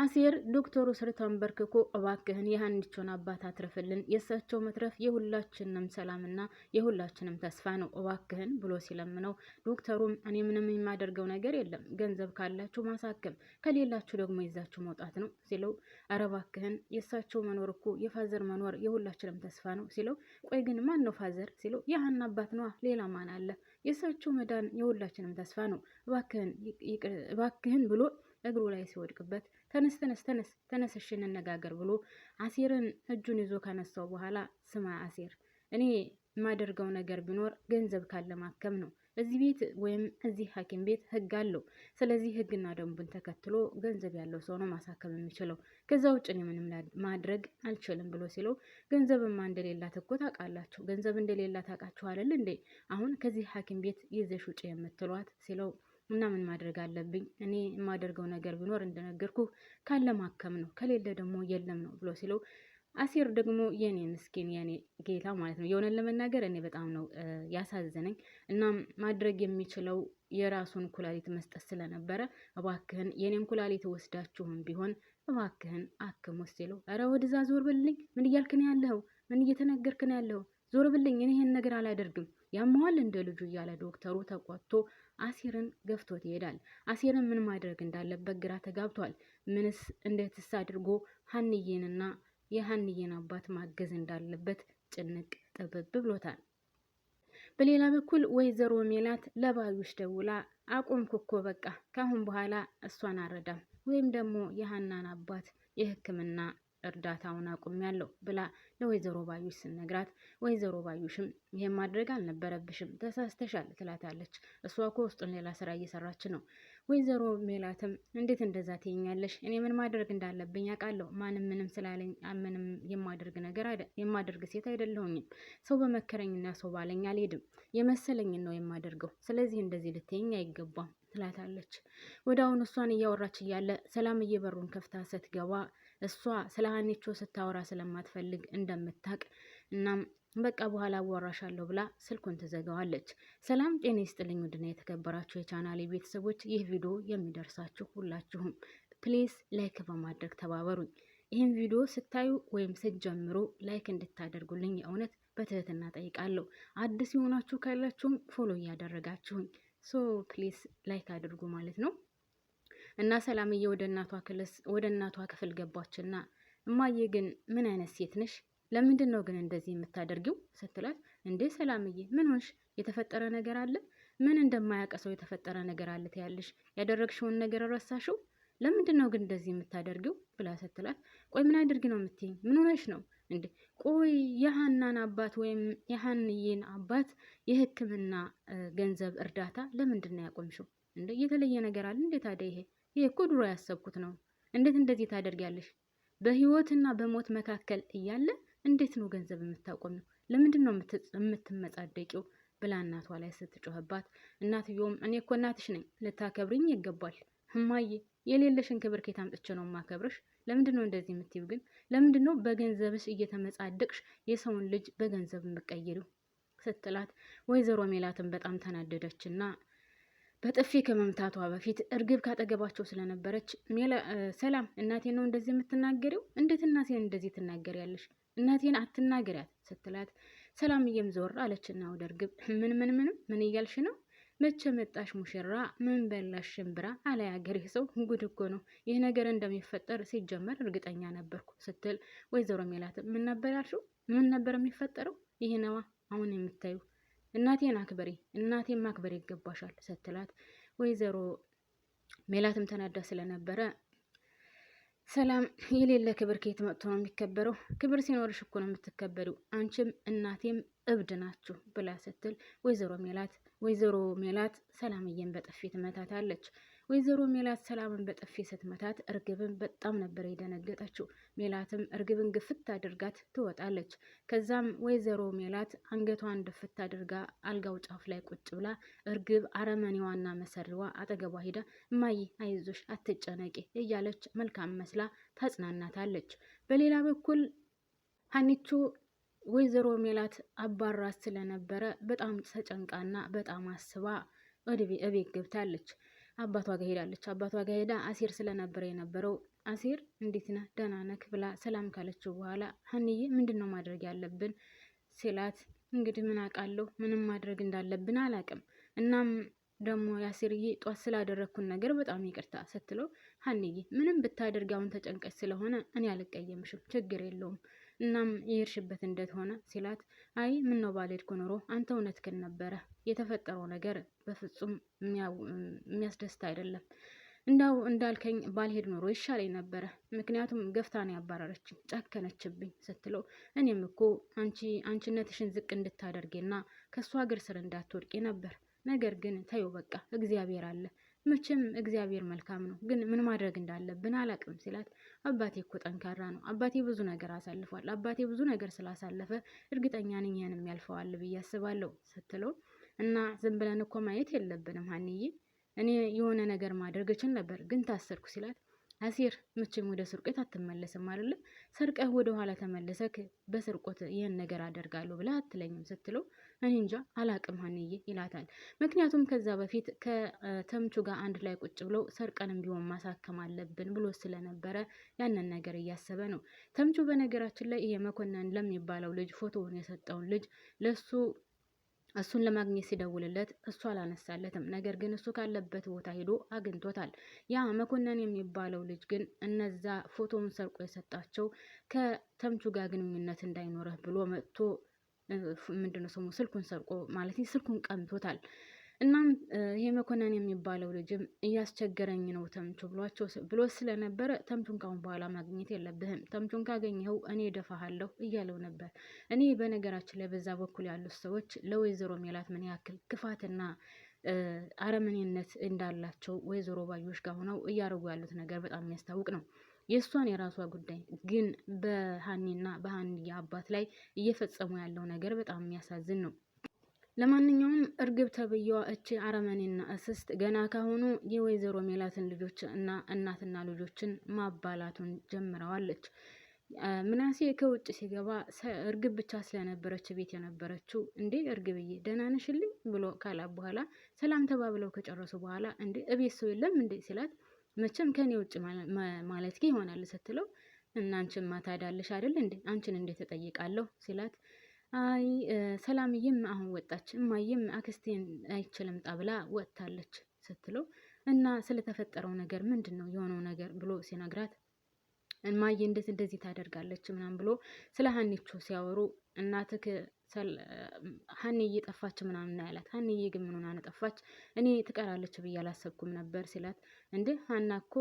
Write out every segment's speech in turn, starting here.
አሴር ዶክተሩ ስር ተንበርክኮ እባክህን የሀንቾን አባት አትርፍልን፣ የእሳቸው መትረፍ የሁላችንም ሰላምና የሁላችንም ተስፋ ነው፣ እባክህን ብሎ ሲለምነው፣ ዶክተሩም እኔ ምንም የማደርገው ነገር የለም፣ ገንዘብ ካላችሁ ማሳከም፣ ከሌላችሁ ደግሞ ይዛችሁ መውጣት ነው ሲለው፣ ኧረ እባክህን የእሳቸው መኖር እኮ የፋዘር መኖር የሁላችንም ተስፋ ነው ሲለው፣ ቆይ ግን ማን ነው ፋዘር ሲለው፣ የሀና አባት ነዋ፣ ሌላ ማን አለ? የእሳቸው መዳን የሁላችንም ተስፋ ነው፣ እባክህን ብሎ እግሩ ላይ ሲወድቅበት ተነስ ተነስ ተነስ ተነስሽ እንነጋገር ብሎ አሴርን እጁን ይዞ ከነሳው በኋላ ስማ አሴር፣ እኔ የማደርገው ነገር ቢኖር ገንዘብ ካለ ማከም ነው። እዚህ ቤት ወይም እዚህ ሐኪም ቤት ህግ አለው። ስለዚህ ህግና ደንቡን ተከትሎ ገንዘብ ያለው ሰው ነው ማሳከም የሚችለው። ከዛ ውጭ እኔ ምንም ማድረግ አልችልም ብሎ ሲለው ገንዘብማ እንደሌላት እኮ ታውቃላችሁ። ገንዘብ እንደሌላት ታውቃችኋል እንዴ? አሁን ከዚህ ሐኪም ቤት ይዘሽ ውጪ የምትሏት ሲለው እና ምን ማድረግ አለብኝ? እኔ የማደርገው ነገር ቢኖር እንደነገርኩ ካለ ማከም ነው፣ ከሌለ ደግሞ የለም ነው ብሎ ሲለው አሲር ደግሞ የኔ ምስኪን የኔ ጌታ ማለት ነው። የሆነን ለመናገር እኔ በጣም ነው ያሳዘነኝ። እናም ማድረግ የሚችለው የራሱን ኩላሊት መስጠት ስለነበረ እባክህን የኔን ኩላሊት ወስዳችሁም ቢሆን እባክህን አክም ውስጥ ሲለው፣ ኧረ ወደዛ ዞር ብልኝ! ምን እያልክን ያለው ምን እየተነገርክን ያለው ዞር ብልኝ! እኔ ይህን ነገር አላደርግም። ያመዋል እንደ ልጁ እያለ ዶክተሩ ተቆጥቶ አሲርን ገፍቶት ይሄዳል። አሲርን ምን ማድረግ እንዳለበት ግራ ተጋብቷል። ምንስ እንዴትስ አድርጎ ሀንዬንና የሀንዬን አባት ማገዝ እንዳለበት ጭንቅ ጥብብ ብሎታል። በሌላ በኩል ወይዘሮ ሜላት ለባዩሽ ደውላ አቁምኩ እኮ በቃ ካሁን በኋላ እሷን አረዳም ወይም ደግሞ የሀናን አባት የሕክምና እርዳታውን ያለው ብላ ለወይዘሮ ባዩሽ ስነግራት ወይዘሮ ባዩሽም ይህን ማድረግ አልነበረብሽም ተሳስተሻል ትላታለች። እሷ እኮ ውስጡን ሌላ ስራ እየሰራች ነው። ወይዘሮ ሜላትም እንዴት እንደዛ ትይኛለሽ? እኔ ምን ማድረግ እንዳለብኝ አውቃለሁ። ማንም ምንም ስላለኝ ምንም የማደርግ ነገር የማደርግ ሴት አይደለሁኝም። ሰው በመከረኝና ሰው ባለኝ አልሄድም። የመሰለኝን ነው የማደርገው። ስለዚህ እንደዚህ ልትይኝ አይገባም ትላታለች። ወደ አሁን እሷን እያወራች እያለ ሰላምዬ በሩን ከፍታ ስትገባ እሷ ስለ ሀኒቾ ስታወራ ስለማትፈልግ እንደምታቅ እናም በቃ በኋላ አዋራሻለሁ ብላ ስልኩን ትዘጋዋለች። ሰላም ጤና ይስጥልኝ ውድና የተከበራችሁ የቻናሌ ቤተሰቦች፣ ይህ ቪዲዮ የሚደርሳችሁ ሁላችሁም ፕሊስ ላይክ በማድረግ ተባበሩኝ። ይህን ቪዲዮ ስታዩ ወይም ስትጀምሩ ላይክ እንድታደርጉልኝ የእውነት በትህትና ጠይቃለሁ። አዲስ የሆናችሁ ካላችሁም ፎሎ እያደረጋችሁኝ ሶ ፕሊስ ላይክ አድርጉ ማለት ነው። እና ሰላምዬ ወደ እናቷ ክፍል ገባችና እማዬ ግን ምን አይነት ሴት ነሽ? ለምንድን ነው ግን እንደዚህ የምታደርጊው? ስትላት እንዴ ሰላምዬ ምን ሆንሽ? የተፈጠረ ነገር አለ? ምን እንደማያቀሰው የተፈጠረ ነገር አለ ትያለሽ? ያደረግሽውን ነገር ረሳሽው? ለምንድን ነው ግን እንደዚህ የምታደርጊው? ብላ ስትላት ቆይ ምን አድርጊ ነው የምትይኝ? ምን ሆነሽ ነው እንዴ? ቆይ የሀናን አባት ወይም የሀንዬን አባት የሕክምና ገንዘብ እርዳታ ለምንድን ነው ያቆምሽው? እንደ የተለየ ነገር አለ እንዴ ታዲያ ይሄ ይህ እኮ ድሮ ያሰብኩት ነው። እንዴት እንደዚህ ታደርጊያለሽ? በህይወትና በሞት መካከል እያለ እንዴት ነው ገንዘብ የምታቆሚው? ለምንድን ነው የምትመጻደቂው? ብላ እናቷ ላይ ስትጮህባት፣ እናትየውም እኔ እኮ እናትሽ ነኝ፣ ልታከብርኝ ይገባል። እማዬ የሌለሽን ክብር ከየት አምጥቼ ነው የማከብርሽ? ለምንድን ነው እንደዚህ የምትይው? ግን ለምንድን ነው በገንዘብሽ እየተመጻደቅሽ የሰውን ልጅ በገንዘብ የምቀይሪው? ስትላት ወይዘሮ ሜላትን በጣም ተናደደችና በጥፊ ከመምታቷ በፊት እርግብ ካጠገባቸው ስለነበረች ሰላም እናቴን ነው እንደዚህ የምትናገሪው? እንዴት እናቴን እንደዚህ ትናገሪያለሽ? እናቴን አትናገሪያት ስትላት እየም ዞር አለችና ወደ እርግብ ምን ምን ምንም ምን እያልሽ ነው? መቼ መጣሽ ሙሽራ? ምን በላሽ ሽምብራ? አለ ያገሬ ሰው ጉድ እኮ ነው። ይህ ነገር እንደሚፈጠር ሲጀመር እርግጠኛ ነበርኩ ስትል ወይዘሮ ሜላት ምን ነበር ያልሽው? ምን ነበር የሚፈጠረው? ይህ ነዋ አሁን የምታዩ እናቴን አክበሪ፣ እናቴን ማክበር ይገባሻል ስትላት ወይዘሮ ሜላትም ተናዳ ስለነበረ ሰላም የሌለ ክብር ከየት መጥቶ ነው የሚከበረው? ክብር ሲኖርሽ እኮ ነው የምትከበሪው። አንቺም እናቴም እብድ ናችሁ ብላ ስትል ወይዘሮ ሜላት ወይዘሮ ሜላት ሰላምዬን በጥፊት መታታለች። ወይዘሮ ሜላት ሰላምን በጥፊ ስትመታት እርግብን በጣም ነበር የደነገጠችው። ሜላትም እርግብን ግፍት አድርጋት ትወጣለች። ከዛም ወይዘሮ ሜላት አንገቷን ድፍት አድርጋ አልጋው ጫፍ ላይ ቁጭ ብላ እርግብ አረመኔዋና መሰሪዋ አጠገቧ ሂዳ እማይ አይዞሽ፣ አትጨነቂ እያለች መልካም መስላ ታጽናናታለች። በሌላ በኩል ሀኒቹ ወይዘሮ ሜላት አባራት ስለነበረ በጣም ተጨንቃና በጣም አስባ እቤት ገብታለች። አባቷ ጋር ሄዳለች። አባቷ ጋር ሄዳ አሲር ስለነበረ የነበረው አሲር እንዴት ነህ ደህና ነህ ብላ ሰላም ካለችው በኋላ ሀኒዬ ምንድን ነው ማድረግ ያለብን ሲላት እንግዲህ ምን አውቃለሁ ምንም ማድረግ እንዳለብን አላውቅም። እናም ደግሞ የአሲርዬ ጧት ስላደረግኩን ነገር በጣም ይቅርታ ስትለው ሀኒዬ ምንም ብታደርግ አሁን ተጨንቀች ስለሆነ እኔ አልቀየምሽም ችግር የለውም እናም የሄድሽበት እንደት ሆነ ሲላት፣ አይ ምነው ባልሄድኩ ኑሮ አንተ እውነት ግን ነበረ። የተፈጠረው ነገር በፍጹም የሚያስደስት አይደለም። እንዳው እንዳልከኝ ባልሄድ ኑሮ ይሻለኝ ነበረ። ምክንያቱም ገፍታን ነው ያባረረችኝ፣ ጨከነችብኝ ስትለው እኔም እኮ አንቺ አንቺነትሽን ዝቅ እንድታደርጌና ከእሷ እግር ስር እንዳትወድቄ ነበር። ነገር ግን ተይው በቃ እግዚአብሔር አለ መቼም እግዚአብሔር መልካም ነው፣ ግን ምን ማድረግ እንዳለብን አላቅም ሲላት አባቴ እኮ ጠንካራ ነው፣ አባቴ ብዙ ነገር አሳልፏል፣ አባቴ ብዙ ነገር ስላሳለፈ እርግጠኛ ነኝ ይህንም ያልፈዋል ብዬ አስባለሁ ስትለው እና ዝም ብለን እኮ ማየት የለብንም ሀኒዬ፣ እኔ የሆነ ነገር ማድረግ እችል ነበር ግን ታሰርኩ ሲላት አሲር መቼም ወደ ስርቆት አትመለስም አይደለም? ሰርቀህ ወደ ኋላ ተመለሰክ በስርቆት ይህን ነገር አደርጋለሁ ብለህ አትለኝም ስትለው እኔ እንጃ አላቅም ሀንዬ ይላታል። ምክንያቱም ከዛ በፊት ከተምቹ ጋር አንድ ላይ ቁጭ ብለው ሰርቀንም ቢሆን ማሳከም አለብን ብሎ ስለነበረ ያንን ነገር እያሰበ ነው። ተምቹ በነገራችን ላይ ይሄ መኮንን ለሚባለው ልጅ ፎቶውን የሰጠውን ልጅ ለሱ እሱን ለማግኘት ሲደውልለት እሱ አላነሳለትም። ነገር ግን እሱ ካለበት ቦታ ሄዶ አግኝቶታል። ያ መኮንን የሚባለው ልጅ ግን እነዛ ፎቶውን ሰርቆ የሰጣቸው ከተምቹ ጋር ግንኙነት እንዳይኖረህ ብሎ መጥቶ ምንድነው ስሙ ስልኩን ሰርቆ ማለት ስልኩን ቀምቶታል። እናም ይህ መኮንን የሚባለው ልጅም እያስቸገረኝ ነው ተምቹ ብሏቸው ብሎ ስለነበረ ተምቹን ካሁን በኋላ ማግኘት የለብህም ተምቹን ካገኘኸው እኔ ደፋሃለሁ እያለው ነበር። እኔ በነገራችን ላይ በዛ በኩል ያሉት ሰዎች ለወይዘሮ ሜላት ምን ያክል ክፋትና አረመኔነት እንዳላቸው ወይዘሮ ባዮች ጋር ሆነው እያደረጉ ያሉት ነገር በጣም የሚያስታውቅ ነው። የእሷን የራሷ ጉዳይ ግን በሀኒና በሀኒ አባት ላይ እየፈጸሙ ያለው ነገር በጣም የሚያሳዝን ነው። ለማንኛውም እርግብ ተብዬዋ እቺ አረመኔና እስስት ገና ካሁኑ የወይዘሮ ሜላትን ልጆች እና እናትና ልጆችን ማባላቱን ጀምረዋለች። ምናሴ ከውጭ ሲገባ እርግብ ብቻ ስለነበረች ቤት የነበረችው እንዴ እርግብዬ ደህና ነሽልኝ ብሎ ካላት በኋላ ሰላም ተባብለው ከጨረሱ በኋላ እንዴ እቤት ሰው የለም እንዴ ሲላት መቼም ከኔ ውጭ ማለት ይሆናል ስትለው እናንችማ ታዳለሽ አይደል እንዴ አንቺን እንዴት ተጠይቃለሁ ሲላት አይ ሰላምዬም አሁን ወጣች፣ እማዬም አክስቴን አይችልም ጣብላ ወጥታለች ስትለው እና ስለተፈጠረው ነገር ምንድን ነው የሆነው ነገር ብሎ ሲነግራት እማዬ እንደዚህ እንደዚህ ታደርጋለች ምናምን ብሎ ስለ ሀኒቾ ሲያወሩ እናትህ ሀኒ እየጠፋች ምናምን ና ያላት። ሀኒዬ ግን ምን ሆና ጠፋች? እኔ ትቀራለች ብዬ አላሰብኩም ነበር ሲላት፣ እንዴ ሀና እኮ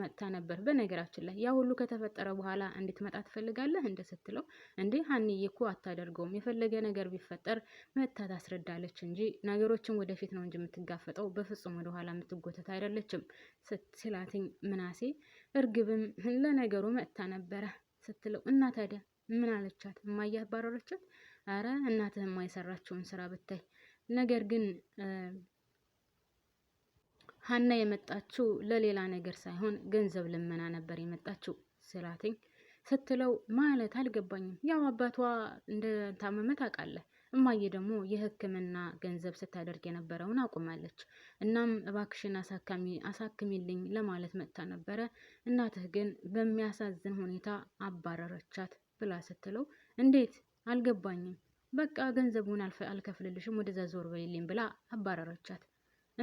መጥታ ነበር። በነገራችን ላይ ያ ሁሉ ከተፈጠረ በኋላ እንዴት መጣ ትፈልጋለህ እንደ ስትለው፣ እንደ ሀኒዬ እኮ አታደርገውም። የፈለገ ነገር ቢፈጠር መጥታ ታስረዳለች እንጂ ነገሮችን ወደፊት ነው እንጂ የምትጋፈጠው በፍጹም ወደኋላ የምትጎተት አይደለችም ሲላትኝ፣ ምናሴ እርግብም ለነገሩ መጥታ ነበረ ስትለው እና ታዲያ ምን አለቻት? እማዬ አባረረቻት? አረ እናትህማ የሰራችውን ስራ ብታይ። ነገር ግን ሀና የመጣችው ለሌላ ነገር ሳይሆን ገንዘብ ልመና ነበር የመጣችው ስላትኝ ስትለው ማለት አልገባኝም። ያው አባቷ እንደታመመ ታውቃለህ። እማዬ ደግሞ የሕክምና ገንዘብ ስታደርግ የነበረውን አቁማለች። እናም እባክሽን አሳክሚልኝ ለማለት መጥታ ነበረ። እናትህ ግን በሚያሳዝን ሁኔታ አባረረቻት ብላ ስትለው እንዴት አልገባኝም። በቃ ገንዘቡን አልከፍልልሽም ወደዛ ዞር በይልኝ ብላ አባረረቻት።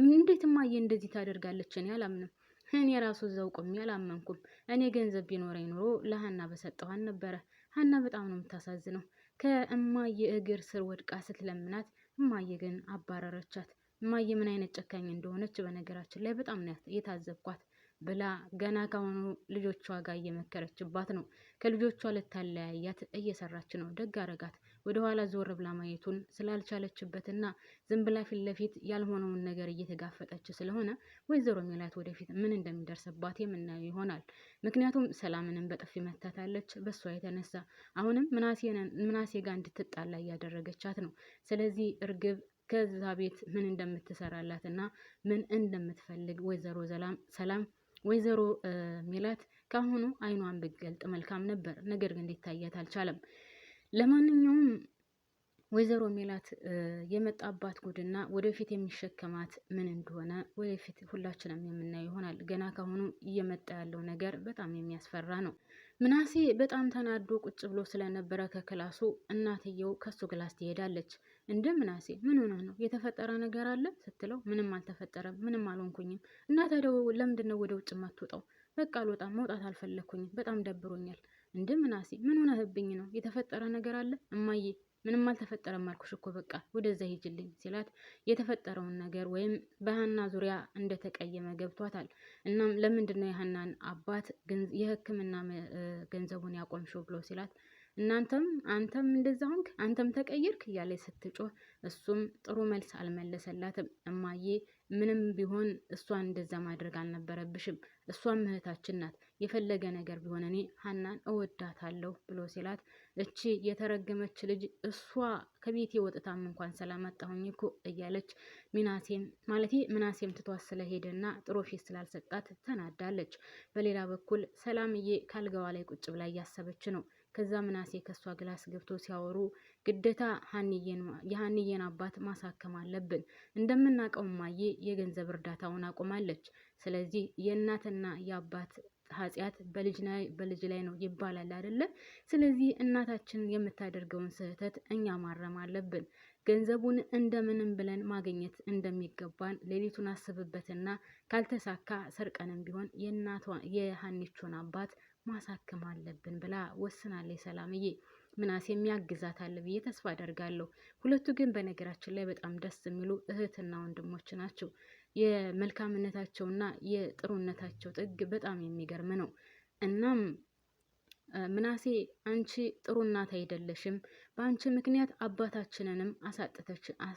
እንዴት እማዬ እንደዚህ ታደርጋለች? እኔ አላምንም። እኔ ራሱ እዛው ቆሜ አላመንኩም። እኔ ገንዘብ ቢኖረኝ ኖሮ ለሀና በሰጠኋን ነበረ። ሀና በጣም ነው የምታሳዝነው። ከእማዬ እግር ስር ወድቃ ስትለምናት እማዬ ግን አባረረቻት። እማዬ ምን አይነት ጨካኝ እንደሆነች በነገራችን ላይ በጣም ነው የታዘብኳት። ብላ ገና ከሆኑ ልጆቿ ጋር እየመከረችባት ነው። ከልጆቿ ልታለያያት እየሰራች ነው። ደግ አረጋት። ወደ ኋላ ዞር ብላ ማየቱን ስላልቻለችበትና ዝም ብላ ፊት ለፊት ያልሆነውን ነገር እየተጋፈጠች ስለሆነ ወይዘሮ ሜላት ወደፊት ምን እንደሚደርስባት የምናየው ይሆናል። ምክንያቱም ሰላምንም በጥፊ መታታለች። በእሷ የተነሳ አሁንም ምናሴ ጋር እንድትጣላ እያደረገቻት ነው። ስለዚህ እርግብ ከዛ ቤት ምን እንደምትሰራላት እና ምን እንደምትፈልግ ወይዘሮ ሰላም ወይዘሮ ሜላት ካሁኑ አይኗን ብገልጥ መልካም ነበር። ነገር ግን ሊታያት አልቻለም። ለማንኛውም ወይዘሮ ሜላት የመጣባት ጉድና ወደፊት የሚሸከማት ምን እንደሆነ ወደፊት ሁላችንም የምናየው ይሆናል። ገና ካሁኑ እየመጣ ያለው ነገር በጣም የሚያስፈራ ነው። ምናሴ በጣም ተናዶ ቁጭ ብሎ ስለነበረ ከክላሱ እናትየው ከሱ ክላስ ትሄዳለች። እንደ ምናሴ ምን ሆነህ ነው? የተፈጠረ ነገር አለ ስትለው ምንም አልተፈጠረም፣ ምንም አልሆንኩኝም። እና ታዲያ ለምንድን ነው ወደ ውጭ የማትወጣው? በቃ አልወጣም፣ መውጣት አልፈለግኩኝም፣ በጣም ደብሮኛል። እንደ ምናሴ ምን ሆነህብኝ ነው? የተፈጠረ ነገር አለ? እማዬ ምንም አልተፈጠረም አልኩሽ እኮ በቃ ወደዛ ሂጅልኝ ሲላት የተፈጠረውን ነገር ወይም በሀና ዙሪያ እንደተቀየመ ገብቷታል። እናም ለምንድን ነው የሀናን አባት የሕክምና ገንዘቡን ያቆምሽው ብሎ ሲላት እናንተም አንተም እንደዛ ሆንክ፣ አንተም ተቀየርክ እያለች ስትጮህ እሱም ጥሩ መልስ አልመለሰላትም። እማዬ ምንም ቢሆን እሷን እንደዛ ማድረግ አልነበረብሽም፣ እሷም እህታችን ናት። የፈለገ ነገር ቢሆን እኔ ሀናን እወዳታለሁ ብሎ ሲላት እቺ የተረገመች ልጅ እሷ ከቤቴ ወጥታም እንኳን ስላመጣሁኝ እኮ እያለች ሚናሴም ማለቴ ምናሴም ትቷት ስለሄደና ጥሩ ፊት ስላልሰጣት ተናዳለች። በሌላ በኩል ሰላምዬ ካልጋዋ ላይ ቁጭ ብላ እያሰበች ነው። ከዛ ምናሴ ከእሷ ግላስ ገብቶ ሲያወሩ ግዴታ የሀንዬን አባት ማሳከም አለብን። እንደምናውቀው ማዬ የገንዘብ እርዳታውን አቁማለች። ስለዚህ የእናትና የአባት ኃጢአት በልጅ ላይ ነው ይባላል አይደለ? ስለዚህ እናታችን የምታደርገውን ስህተት እኛ ማረም አለብን። ገንዘቡን እንደምንም ብለን ማግኘት እንደሚገባን ሌሊቱን አስብበትና ካልተሳካ ሰርቀንም ቢሆን የሀኒቾን አባት ማሳከም አለብን ብላ ወስናለች ሰላምዬ። የሚያግዛት አለ ብዬ ተስፋ አደርጋለሁ። ሁለቱ ግን በነገራችን ላይ በጣም ደስ የሚሉ እህትና ወንድሞች ናቸው። የመልካምነታቸውና የጥሩነታቸው ጥግ በጣም የሚገርም ነው። እናም ምናሴ አንቺ ጥሩ እናት አይደለሽም፣ በአንቺ ምክንያት አባታችንንም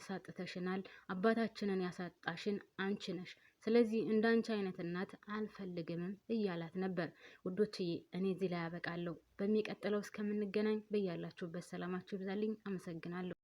አሳጥተሽናል። አባታችንን ያሳጣሽን አንቺ ነሽ ስለዚህ እንዳንቺ አይነት እናት አልፈልግምም እያላት ነበር። ውዶችዬ እኔ እዚህ ላይ ያበቃለሁ። በሚቀጥለው እስከምንገናኝ በያላችሁበት ሰላማችሁ ይብዛልኝ። አመሰግናለሁ።